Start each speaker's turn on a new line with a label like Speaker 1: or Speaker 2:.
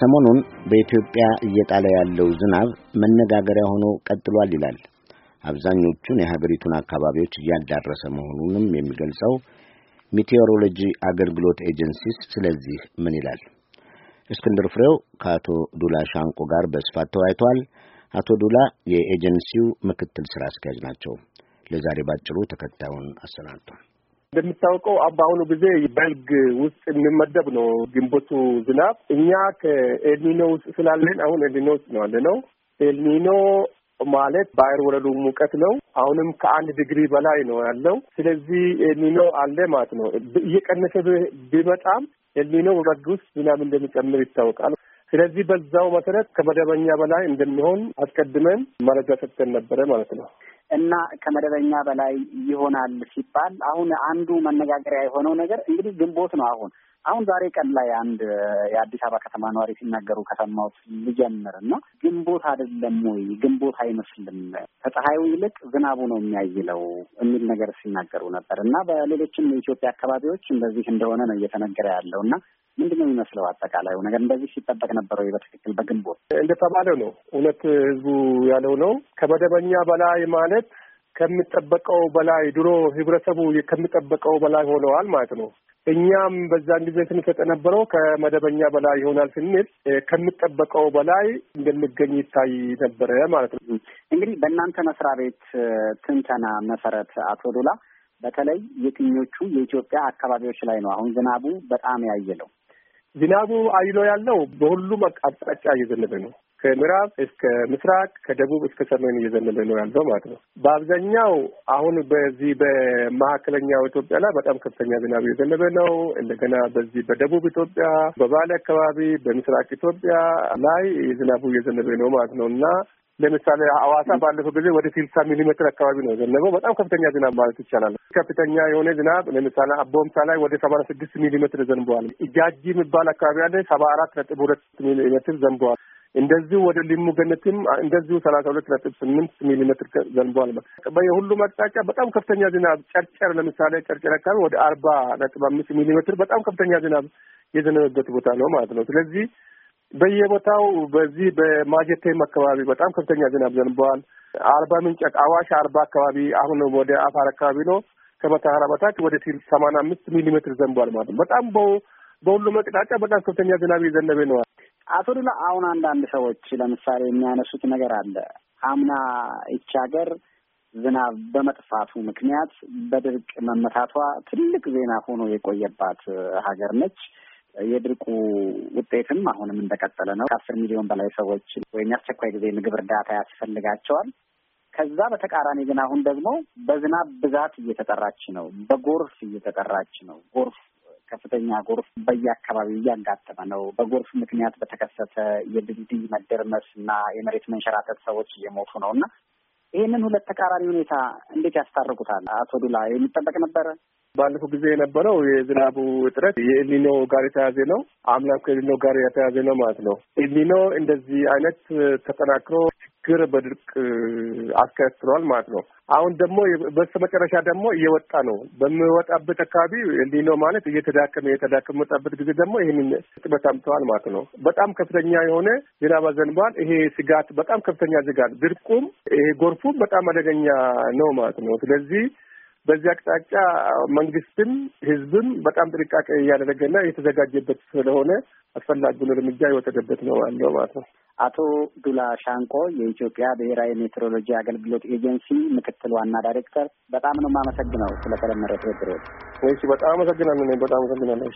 Speaker 1: ሰሞኑን በኢትዮጵያ እየጣለ ያለው ዝናብ መነጋገሪያ ሆኖ ቀጥሏል ይላል። አብዛኞቹን የሀገሪቱን አካባቢዎች እያዳረሰ መሆኑንም የሚገልጸው ሚቴዎሮሎጂ አገልግሎት ኤጀንሲስ ስለዚህ ምን ይላል? እስክንድር ፍሬው ከአቶ ዱላ ሻንቆ ጋር በስፋት ተወያይቷል። አቶ ዱላ የኤጀንሲው ምክትል ስራ አስኪያጅ ናቸው። ለዛሬ ባጭሩ ተከታዩን አሰናድቷል።
Speaker 2: እንደምታውቀው በአሁኑ ጊዜ በልግ ውስጥ የሚመደብ ነው ግንቦቱ ዝናብ። እኛ ከኤልኒኖ ውስጥ ስላለን አሁን ኤልኒኖ ውስጥ ነው ያለ ነው። ኤልኒኖ ማለት በአየር ወለሉ ሙቀት ነው። አሁንም ከአንድ ዲግሪ በላይ ነው ያለው። ስለዚህ ኤልኒኖ አለ ማለት ነው። እየቀነሰ ቢመጣም ኤልኒኖ በበልግ ውስጥ ዝናብ እንደሚጨምር ይታወቃል። ስለዚህ በዛው መሰረት ከመደበኛ በላይ እንደሚሆን አስቀድመን መረጃ ሰጥተን ነበረ
Speaker 1: ማለት ነው። እና ከመደበኛ በላይ ይሆናል ሲባል አሁን አንዱ መነጋገሪያ የሆነው ነገር እንግዲህ ግንቦት ነው። አሁን አሁን ዛሬ ቀን ላይ አንድ የአዲስ አበባ ከተማ ነዋሪ ሲናገሩ ከሰማሁት ልጀምር እና ግንቦት አይደለም ወይ ግንቦት አይመስልም ከፀሐዩ ይልቅ ዝናቡ ነው የሚያይለው የሚል ነገር ሲናገሩ ነበር እና በሌሎችም የኢትዮጵያ አካባቢዎች እንደዚህ እንደሆነ ነው እየተነገረ ያለው እና ምንድን ነው የሚመስለው አጠቃላዩ ነገር? እንደዚህ ሲጠበቅ ነበረው በትክክል በግንቦት እንደተባለው ነው።
Speaker 2: እውነት ህዝቡ ያለው ነው። ከመደበኛ በላይ ማለት ከሚጠበቀው በላይ ድሮ ህብረተሰቡ ከሚጠበቀው በላይ ሆነዋል ማለት ነው። እኛም በዛን ጊዜ ስንሰጥ የነበረው ከመደበኛ በላይ ይሆናል ስንል
Speaker 1: ከምጠበቀው በላይ እንደሚገኝ ይታይ ነበረ ማለት ነው። እንግዲህ በእናንተ መስሪያ ቤት ትንተና መሰረት አቶ ዶላ በተለይ የትኞቹ የኢትዮጵያ አካባቢዎች ላይ ነው አሁን ዝናቡ በጣም ያየለው?
Speaker 2: ዝናቡ አይሎ ያለው በሁሉም አቅጣጫ እየዘነበ ነው። ከምዕራብ እስከ ምስራቅ ከደቡብ እስከ ሰሜን እየዘነበ ነው ያለው ማለት ነው። በአብዛኛው አሁን በዚህ በመካከለኛው ኢትዮጵያ ላይ በጣም ከፍተኛ ዝናብ እየዘነበ ነው። እንደገና በዚህ በደቡብ ኢትዮጵያ፣ በባሌ አካባቢ፣ በምስራቅ ኢትዮጵያ ላይ ዝናቡ እየዘነበ ነው ማለት ነው እና ለምሳሌ ሐዋሳ ባለፈው ጊዜ ወደ ስልሳ ሚሊሜትር አካባቢ ነው የዘነበው። በጣም ከፍተኛ ዝናብ ማለት ይቻላል። ከፍተኛ የሆነ ዝናብ ለምሳሌ አቦምሳ ላይ ወደ ሰባ ስድስት ሚሊሜትር ዘንበዋል። እጃጂ የሚባል አካባቢ ያለ ሰባ አራት ነጥብ ሁለት ሚሊሜትር ዘንበዋል። እንደዚሁ ወደ ሊሙ ገነትም እንደዚሁ ሰላሳ ሁለት ነጥብ ስምንት ሚሊሜትር ዘንቧል። በየሁሉም አቅጣጫ በጣም ከፍተኛ ዝናብ ጨርጨር፣ ለምሳሌ ጨርጨር አካባቢ ወደ አርባ ነጥብ አምስት ሚሊሜትር በጣም ከፍተኛ ዝናብ የዘነበበት ቦታ ነው ማለት ነው። ስለዚህ በየቦታው በዚህ በማጀቴም አካባቢ በጣም ከፍተኛ ዝናብ ዘንበዋል። አርባ ምንጭ፣ አዋሽ አርባ አካባቢ አሁን ወደ አፋር አካባቢ ነው ከመተሃራ በታች ወደ ሲል ሰማንያ አምስት ሚሊሜትር ዘንቧል ማለት ነው። በጣም በሁሉም አቅጣጫ በጣም ከፍተኛ ዝናብ የዘነበ ነዋል።
Speaker 1: አቶ ዱላ፣ አሁን አንዳንድ ሰዎች ለምሳሌ የሚያነሱት ነገር አለ። አምና ይቺ ሀገር ዝናብ በመጥፋቱ ምክንያት በድርቅ መመታቷ ትልቅ ዜና ሆኖ የቆየባት ሀገር ነች። የድርቁ ውጤትም አሁንም እንደቀጠለ ነው። ከአስር ሚሊዮን በላይ ሰዎች ወይም የአስቸኳይ ጊዜ ምግብ እርዳታ ያስፈልጋቸዋል። ከዛ በተቃራኒ ግን አሁን ደግሞ በዝናብ ብዛት እየተጠራች ነው፣ በጎርፍ እየተጠራች ነው። ጎርፍ ከፍተኛ ጎርፍ በየአካባቢው እያጋጠመ ነው። በጎርፍ ምክንያት በተከሰተ የድልድይ መደርመስ እና የመሬት መንሸራተት ሰዎች እየሞቱ ነው እና ይህንን ሁለት ተቃራኒ ሁኔታ እንዴት ያስታርቁታል? አቶ ዱላ የሚጠበቅ ነበረ? ባለፈው ጊዜ
Speaker 2: የነበረው የዝናቡ እጥረት የኤልኒኖ ጋር የተያዘ ነው። አምናም ከኤልኒኖ ጋር የተያዘ ነው ማለት ነው። ኤልኒኖ እንደዚህ አይነት ተጠናክሮ ችግር በድርቅ አስከትሏል ማለት ነው። አሁን ደግሞ በስተ መጨረሻ ደግሞ እየወጣ ነው። በምወጣበት አካባቢ እንዲህ ነው ማለት እየተዳከመ መጣበት ጊዜ ደግሞ ይህንን ጥበት አምጥተዋል ማለት ነው። በጣም ከፍተኛ የሆነ ዝናብ ዘንቧል። ይሄ ስጋት በጣም ከፍተኛ ስጋት፣ ድርቁም ይሄ ጎርፉም በጣም አደገኛ ነው ማለት ነው። ስለዚህ በዚህ አቅጣጫ መንግስትም ህዝብም በጣም ጥንቃቄ እያደረገና የተዘጋጀበት ስለሆነ አስፈላጊውን እርምጃ የወሰደበት ነው ያለው ማለት ነው።
Speaker 1: አቶ ዱላ ሻንቆ የኢትዮጵያ ብሔራዊ ሜትሮሎጂ አገልግሎት ኤጀንሲ ምክትል ዋና ዳይሬክተር፣ በጣም ነው የማመሰግነው ስለተለመደ ትብብሮች። ወይ በጣም አመሰግናለሁ። በጣም አመሰግናለሁ።